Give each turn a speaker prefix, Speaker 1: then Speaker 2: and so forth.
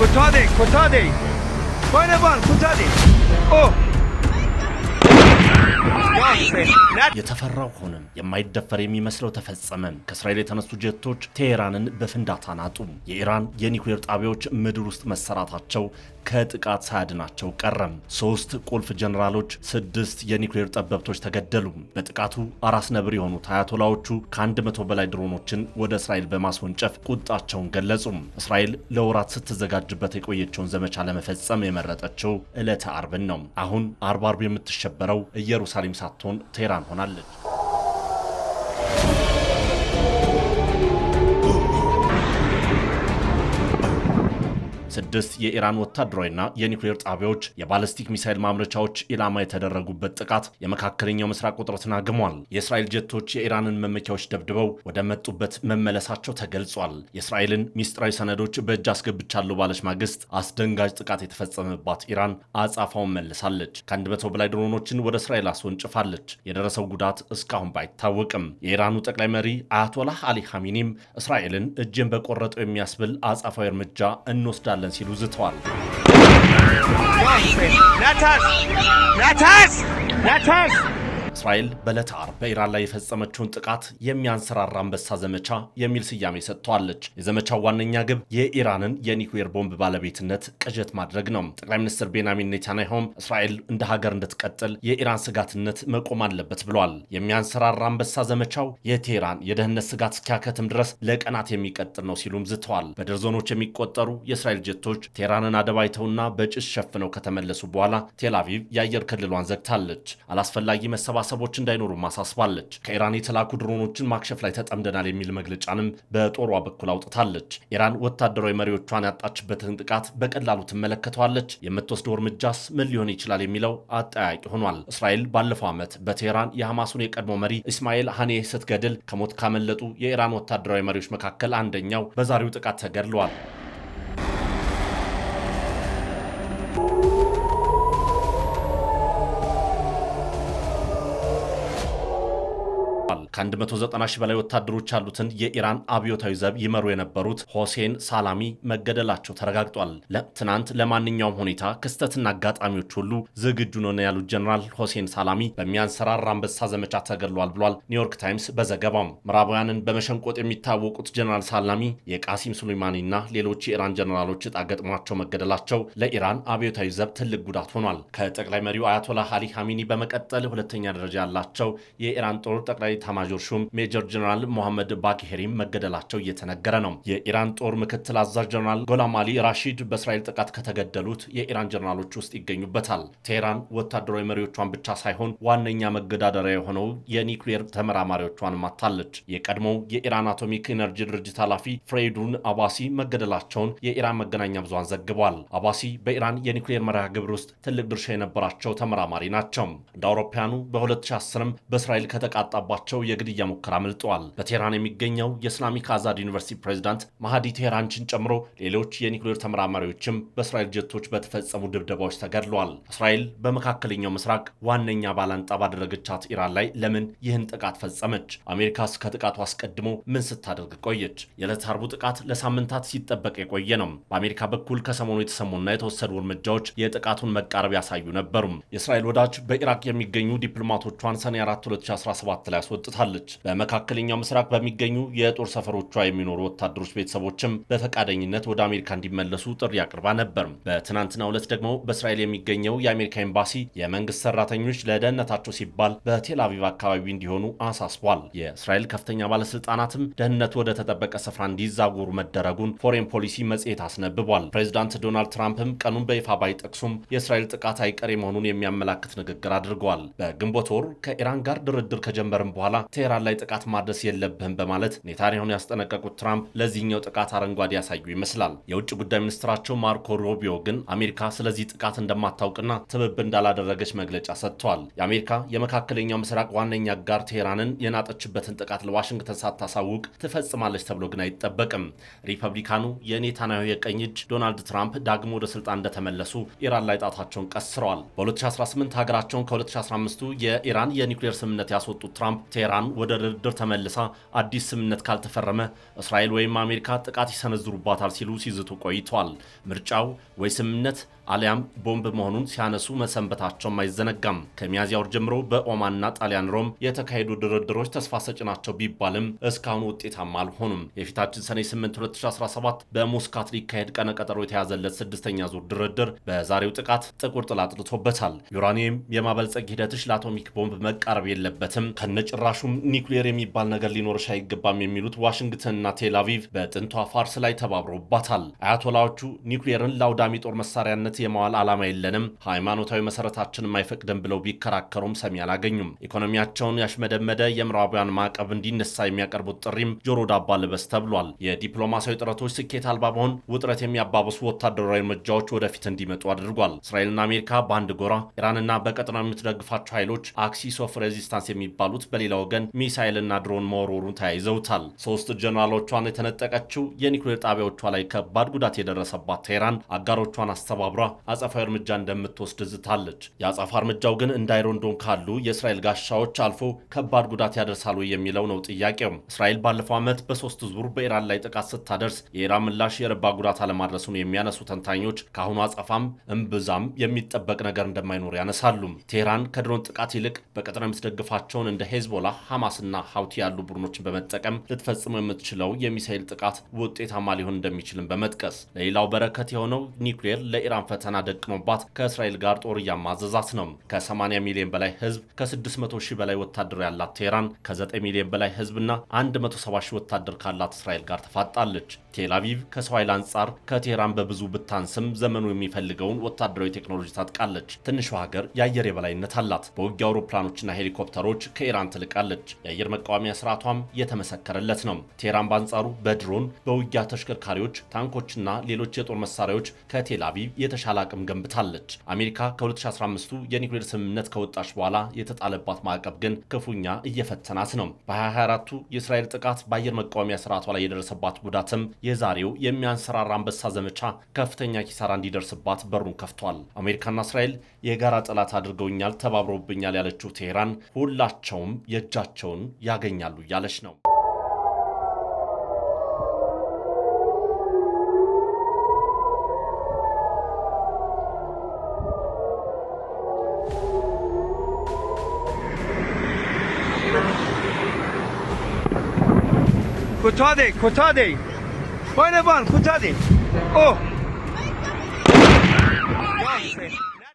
Speaker 1: Cotate, cotate! Bana ban, cotate! Oh!
Speaker 2: የተፈራው ሆነም የማይደፈር የሚመስለው ተፈጸመም። ከእስራኤል የተነሱ ጀቶች ቴሄራንን በፍንዳታ ናጡ። የኢራን የኒኩሌር ጣቢያዎች ምድር ውስጥ መሰራታቸው ከጥቃት ሳያድናቸው ቀረም። ሶስት ቁልፍ ጀኔራሎች፣ ስድስት የኒውክሌር ጠበብቶች ተገደሉ። በጥቃቱ አራስ ነብር የሆኑት አያቶላዎቹ ከ100 በላይ ድሮኖችን ወደ እስራኤል በማስወንጨፍ ቁጣቸውን ገለጹ። እስራኤል ለወራት ስትዘጋጅበት የቆየችውን ዘመቻ ለመፈጸም የመረጠችው ዕለተ አርብን ነው። አሁን አርብ አርብ የምትሸበረው ኢየሩሳሌም ሳትሆን ቴህራን ሆናለች። ስድስት የኢራን ወታደራዊና የኒውክሌር ጣቢያዎች የባለስቲክ ሚሳይል ማምረቻዎች ኢላማ የተደረጉበት ጥቃት የመካከለኛው ምስራቅ ውጥረትን አግሟል። የእስራኤል ጀቶች የኢራንን መመኪያዎች ደብድበው ወደ መጡበት መመለሳቸው ተገልጿል። የእስራኤልን ሚስጥራዊ ሰነዶች በእጅ አስገብቻለሁ ባለች ማግስት አስደንጋጭ ጥቃት የተፈጸመባት ኢራን አጻፋውን መልሳለች። ከአንድ መቶ በላይ ድሮኖችን ወደ እስራኤል አስወንጭፋለች። የደረሰው ጉዳት እስካሁን ባይታወቅም የኢራኑ ጠቅላይ መሪ አያቶላህ አሊ ሐሚኒም እስራኤልን እጅን በቆረጠው የሚያስብል አጻፋዊ እርምጃ እንወስዳለን እንወስዳለን ሲሉ ዝተዋል። ናታስ ናታስ ናታስ እስራኤል በዕለተ ዓርብ በኢራን ላይ የፈጸመችውን ጥቃት የሚያንሰራራ አንበሳ ዘመቻ የሚል ስያሜ ሰጥተዋለች። የዘመቻው ዋነኛ ግብ የኢራንን የኒኩዌር ቦምብ ባለቤትነት ቅዠት ማድረግ ነው። ጠቅላይ ሚኒስትር ቤንያሚን ኔታንያሁም እስራኤል እንደ ሀገር እንድትቀጥል የኢራን ስጋትነት መቆም አለበት ብሏል። የሚያንሰራራ አንበሳ ዘመቻው የቴህራን የደህንነት ስጋት እስኪያከትም ድረስ ለቀናት የሚቀጥል ነው ሲሉም ዝተዋል። በደርዘኖች የሚቆጠሩ የእስራኤል ጀቶች ቴህራንን አደባይተውና በጭስ ሸፍነው ከተመለሱ በኋላ ቴል አቪቭ የአየር ክልሏን ዘግታለች። አላስፈላጊ መሰባ መሰባሰቦች እንዳይኖሩ አሳስባለች። ከኢራን የተላኩ ድሮኖችን ማክሸፍ ላይ ተጠምደናል የሚል መግለጫንም በጦሯ በኩል አውጥታለች። ኢራን ወታደራዊ መሪዎቿን ያጣችበትን ጥቃት በቀላሉ ትመለከተዋለች። የምትወስደው እርምጃስ ምን ሊሆን ይችላል የሚለው አጠያቂ ሆኗል። እስራኤል ባለፈው ዓመት በቴህራን የሐማሱን የቀድሞ መሪ እስማኤል ሀኔ ስትገድል ከሞት ካመለጡ የኢራን ወታደራዊ መሪዎች መካከል አንደኛው በዛሬው ጥቃት ተገድለዋል። ከ190 ሺ በላይ ወታደሮች ያሉትን የኢራን አብዮታዊ ዘብ ይመሩ የነበሩት ሆሴን ሳላሚ መገደላቸው ተረጋግጧል። ትናንት ለማንኛውም ሁኔታ ክስተትና አጋጣሚዎች ሁሉ ዝግጁ ነን ያሉት ጀኔራል ሆሴን ሳላሚ በሚያንሰራራ አንበሳ ዘመቻ ተገድሏል ብሏል ኒውዮርክ ታይምስ በዘገባው። ምዕራባውያንን በመሸንቆጥ የሚታወቁት ጀኔራል ሳላሚ የቃሲም ሱሌማኒና ሌሎች የኢራን ጀኔራሎች እጣ ገጥሟቸው መገደላቸው ለኢራን አብዮታዊ ዘብ ትልቅ ጉዳት ሆኗል። ከጠቅላይ መሪው አያቶላህ አሊ ሐሚኒ በመቀጠል ሁለተኛ ደረጃ ያላቸው የኢራን ጦር ጠቅላይ ታማ። ኤታማዦር ሹም ሜጀር ጀነራል ሞሐመድ ባግሄሪም መገደላቸው እየተነገረ ነው። የኢራን ጦር ምክትል አዛዥ ጀነራል ጎላም አሊ ራሺድ በእስራኤል ጥቃት ከተገደሉት የኢራን ጀነራሎች ውስጥ ይገኙበታል። ቴህራን ወታደራዊ መሪዎቿን ብቻ ሳይሆን ዋነኛ መገዳደሪያ የሆነው የኒውክሌር ተመራማሪዎቿን ማታለች። የቀድሞው የኢራን አቶሚክ ኤነርጂ ድርጅት ኃላፊ ፍሬዱን አባሲ መገደላቸውን የኢራን መገናኛ ብዙሃን ዘግቧል። አባሲ በኢራን የኒውክሌር መርሃ ግብር ውስጥ ትልቅ ድርሻ የነበራቸው ተመራማሪ ናቸው። እንደ አውሮፓውያኑ በ2010ም በእስራኤል ከተቃጣባቸው የግድያ ሙከራ አምልጠዋል። በቴህራን የሚገኘው የእስላሚክ አዛድ ዩኒቨርሲቲ ፕሬዚዳንት ማሃዲ ቴህራንችን ጨምሮ ሌሎች የኒውክሌር ተመራማሪዎችም በእስራኤል ጀቶች በተፈጸሙ ድብደባዎች ተገድለዋል። እስራኤል በመካከለኛው ምስራቅ ዋነኛ ባላንጣ ባደረገቻት ኢራን ላይ ለምን ይህን ጥቃት ፈጸመች? አሜሪካስ ከጥቃቱ አስቀድሞ ምን ስታደርግ ቆየች? የዕለተ አርቡ ጥቃት ለሳምንታት ሲጠበቅ የቆየ ነው። በአሜሪካ በኩል ከሰሞኑ የተሰሙና የተወሰዱ እርምጃዎች የጥቃቱን መቃረብ ያሳዩ ነበሩም። የእስራኤል ወዳጅ በኢራቅ የሚገኙ ዲፕሎማቶቿን ሰኔ 4 2017 ላይ አስወጥታል። አስነስታለች። በመካከለኛው ምስራቅ በሚገኙ የጦር ሰፈሮቿ የሚኖሩ ወታደሮች ቤተሰቦችም በፈቃደኝነት ወደ አሜሪካ እንዲመለሱ ጥሪ አቅርባ ነበር። በትናንትናው ዕለት ደግሞ በእስራኤል የሚገኘው የአሜሪካ ኤምባሲ የመንግስት ሰራተኞች ለደህንነታቸው ሲባል በቴል አቪቭ አካባቢ እንዲሆኑ አሳስቧል። የእስራኤል ከፍተኛ ባለስልጣናትም ደህንነቱ ወደ ተጠበቀ ስፍራ እንዲዛጎሩ መደረጉን ፎሬን ፖሊሲ መጽሔት አስነብቧል። ፕሬዚዳንት ዶናልድ ትራምፕም ቀኑን በይፋ ባይጠቅሱም የእስራኤል ጥቃት አይቀሬ መሆኑን የሚያመላክት ንግግር አድርገዋል። በግንቦት ወር ከኢራን ጋር ድርድር ከጀመርም በኋላ ቴህራን ላይ ጥቃት ማድረስ የለብህም በማለት ኔታንያሁን ያስጠነቀቁት ትራምፕ ለዚህኛው ጥቃት አረንጓዴ ያሳዩ ይመስላል። የውጭ ጉዳይ ሚኒስትራቸው ማርኮ ሮቢዮ ግን አሜሪካ ስለዚህ ጥቃት እንደማታውቅና ትብብር እንዳላደረገች መግለጫ ሰጥተዋል። የአሜሪካ የመካከለኛው ምስራቅ ዋነኛ ጋር ቴህራንን የናጠችበትን ጥቃት ለዋሽንግተን ሳታሳውቅ ትፈጽማለች ተብሎ ግን አይጠበቅም። ሪፐብሊካኑ የኔታንያሁ የቀኝ እጅ ዶናልድ ትራምፕ ዳግሞ ወደ ስልጣን እንደተመለሱ ኢራን ላይ ጣታቸውን ቀስረዋል። በ2018 ሀገራቸውን ከ2015ቱ የኢራን የኒውክሌር ስምምነት ያስወጡት ትራምፕ ቴህራን ኢራን ወደ ድርድር ተመልሳ አዲስ ስምምነት ካልተፈረመ እስራኤል ወይም አሜሪካ ጥቃት ይሰነዝሩባታል ሲሉ ሲዝቱ ቆይቷል። ምርጫው ወይ ስምምነት አሊያም ቦምብ መሆኑን ሲያነሱ መሰንበታቸውም አይዘነጋም። ከሚያዝያ ወር ጀምሮ በኦማንና ጣሊያን ሮም የተካሄዱ ድርድሮች ተስፋ ሰጭ ናቸው ቢባልም እስካሁን ውጤታማ አልሆኑም። የፊታችን ሰኔ 8 2017 በሙስካት ሊካሄድ ቀነ ቀጠሮ የተያዘለት ስድስተኛ ዙር ድርድር በዛሬው ጥቃት ጥቁር ጥላ አጥልቶበታል። ዩራኒየም የማበልጸግ ሂደትሽ ለአቶሚክ ቦምብ መቃረብ የለበትም፣ ከነጭራሹም ኒውክሌር የሚባል ነገር ሊኖርሽ አይገባም የሚሉት ዋሽንግተንና ቴል አቪቭ በጥንቷ ፋርስ ላይ ተባብረውባታል። አያቶላዎቹ ኒውክሌርን ለአውዳሚ ጦር መሳሪያነት የመዋል ዓላማ የለንም፣ ሃይማኖታዊ መሰረታችን የማይፈቅድም ብለው ቢከራከሩም ሰሚ አላገኙም። ኢኮኖሚያቸውን ያሽመደመደ የምዕራባውያን ማዕቀብ እንዲነሳ የሚያቀርቡት ጥሪም ጆሮ ዳባ ልበስ ተብሏል። የዲፕሎማሲያዊ ጥረቶች ስኬት አልባ መሆን ውጥረት የሚያባብሱ ወታደራዊ እርምጃዎች ወደፊት እንዲመጡ አድርጓል። እስራኤልና አሜሪካ በአንድ ጎራ፣ ኢራንና በቀጠናው የምትደግፋቸው ኃይሎች አክሲስ ኦፍ ሬዚስታንስ የሚባሉት በሌላ ወገን ሚሳይልና ድሮን መወርወሩን ተያይዘውታል። ሶስት ጀኔራሎቿን የተነጠቀችው የኒኩሌር ጣቢያዎቿ ላይ ከባድ ጉዳት የደረሰባት ቴህራን አጋሮቿን አስተባብራ አጸፋዊ እርምጃ እንደምትወስድ ዝታለች። የአጸፋ እርምጃው ግን እንዳይሮንዶን ካሉ የእስራኤል ጋሻዎች አልፎ ከባድ ጉዳት ያደርሳሉ የሚለው ነው ጥያቄው። እስራኤል ባለፈው ዓመት በሶስት ዙር በኢራን ላይ ጥቃት ስታደርስ የኢራን ምላሽ የረባ ጉዳት አለማድረሱን የሚያነሱ ተንታኞች ከአሁኑ አጸፋም እምብዛም የሚጠበቅ ነገር እንደማይኖር ያነሳሉ። ቴህራን ከድሮን ጥቃት ይልቅ በቀጠና የምትደግፋቸውን እንደ ሄዝቦላ፣ ሐማስና ሀውቲ ያሉ ቡድኖችን በመጠቀም ልትፈጽመው የምትችለው የሚሳይል ጥቃት ውጤታማ ሊሆን እንደሚችልም በመጥቀስ ለሌላው በረከት የሆነው ኒውክሌር ለኢራን ፈተና ደቅኖባት ከእስራኤል ጋር ጦር እያማዘዛት ነው። ከ80 ሚሊዮን በላይ ህዝብ፣ ከ600 ሺህ በላይ ወታደር ያላት ቴህራን ከ9 ሚሊዮን በላይ ህዝብና 170 ሺህ ወታደር ካላት እስራኤል ጋር ተፋጣለች። ቴል አቪቭ ከሰው ኃይል አንጻር ከቴህራን በብዙ ብታንስም ዘመኑ የሚፈልገውን ወታደራዊ ቴክኖሎጂ ታጥቃለች። ትንሿ ሀገር የአየር የበላይነት አላት። በውጊ አውሮፕላኖችና ሄሊኮፕተሮች ከኢራን ትልቃለች። የአየር መቃወሚያ ስርዓቷም የተመሰከረለት ነው። ቴህራን በአንጻሩ በድሮን በውጊያ ተሽከርካሪዎች፣ ታንኮችና ሌሎች የጦር መሳሪያዎች ከቴል አቪቭ የተሻለ አቅም ገንብታለች። አሜሪካ ከ2015ቱ የኒውክሌር ስምምነት ከወጣች በኋላ የተጣለባት ማዕቀብ ግን ክፉኛ እየፈተናት ነው። በ2024ቱ የእስራኤል ጥቃት በአየር መቃወሚያ ስርዓቷ ላይ የደረሰባት ጉዳትም የዛሬው የሚያንሰራራ አንበሳ ዘመቻ ከፍተኛ ኪሳራ እንዲደርስባት በሩን ከፍቷል። አሜሪካና እስራኤል የጋራ ጠላት አድርገውኛል፣ ተባብረውብኛል ያለችው ቴሄራን ሁላቸውም የእጃቸውን ያገኛሉ እያለች ነው። Kuchade, kuchade. Oyna bal, kuchade. Oh. oh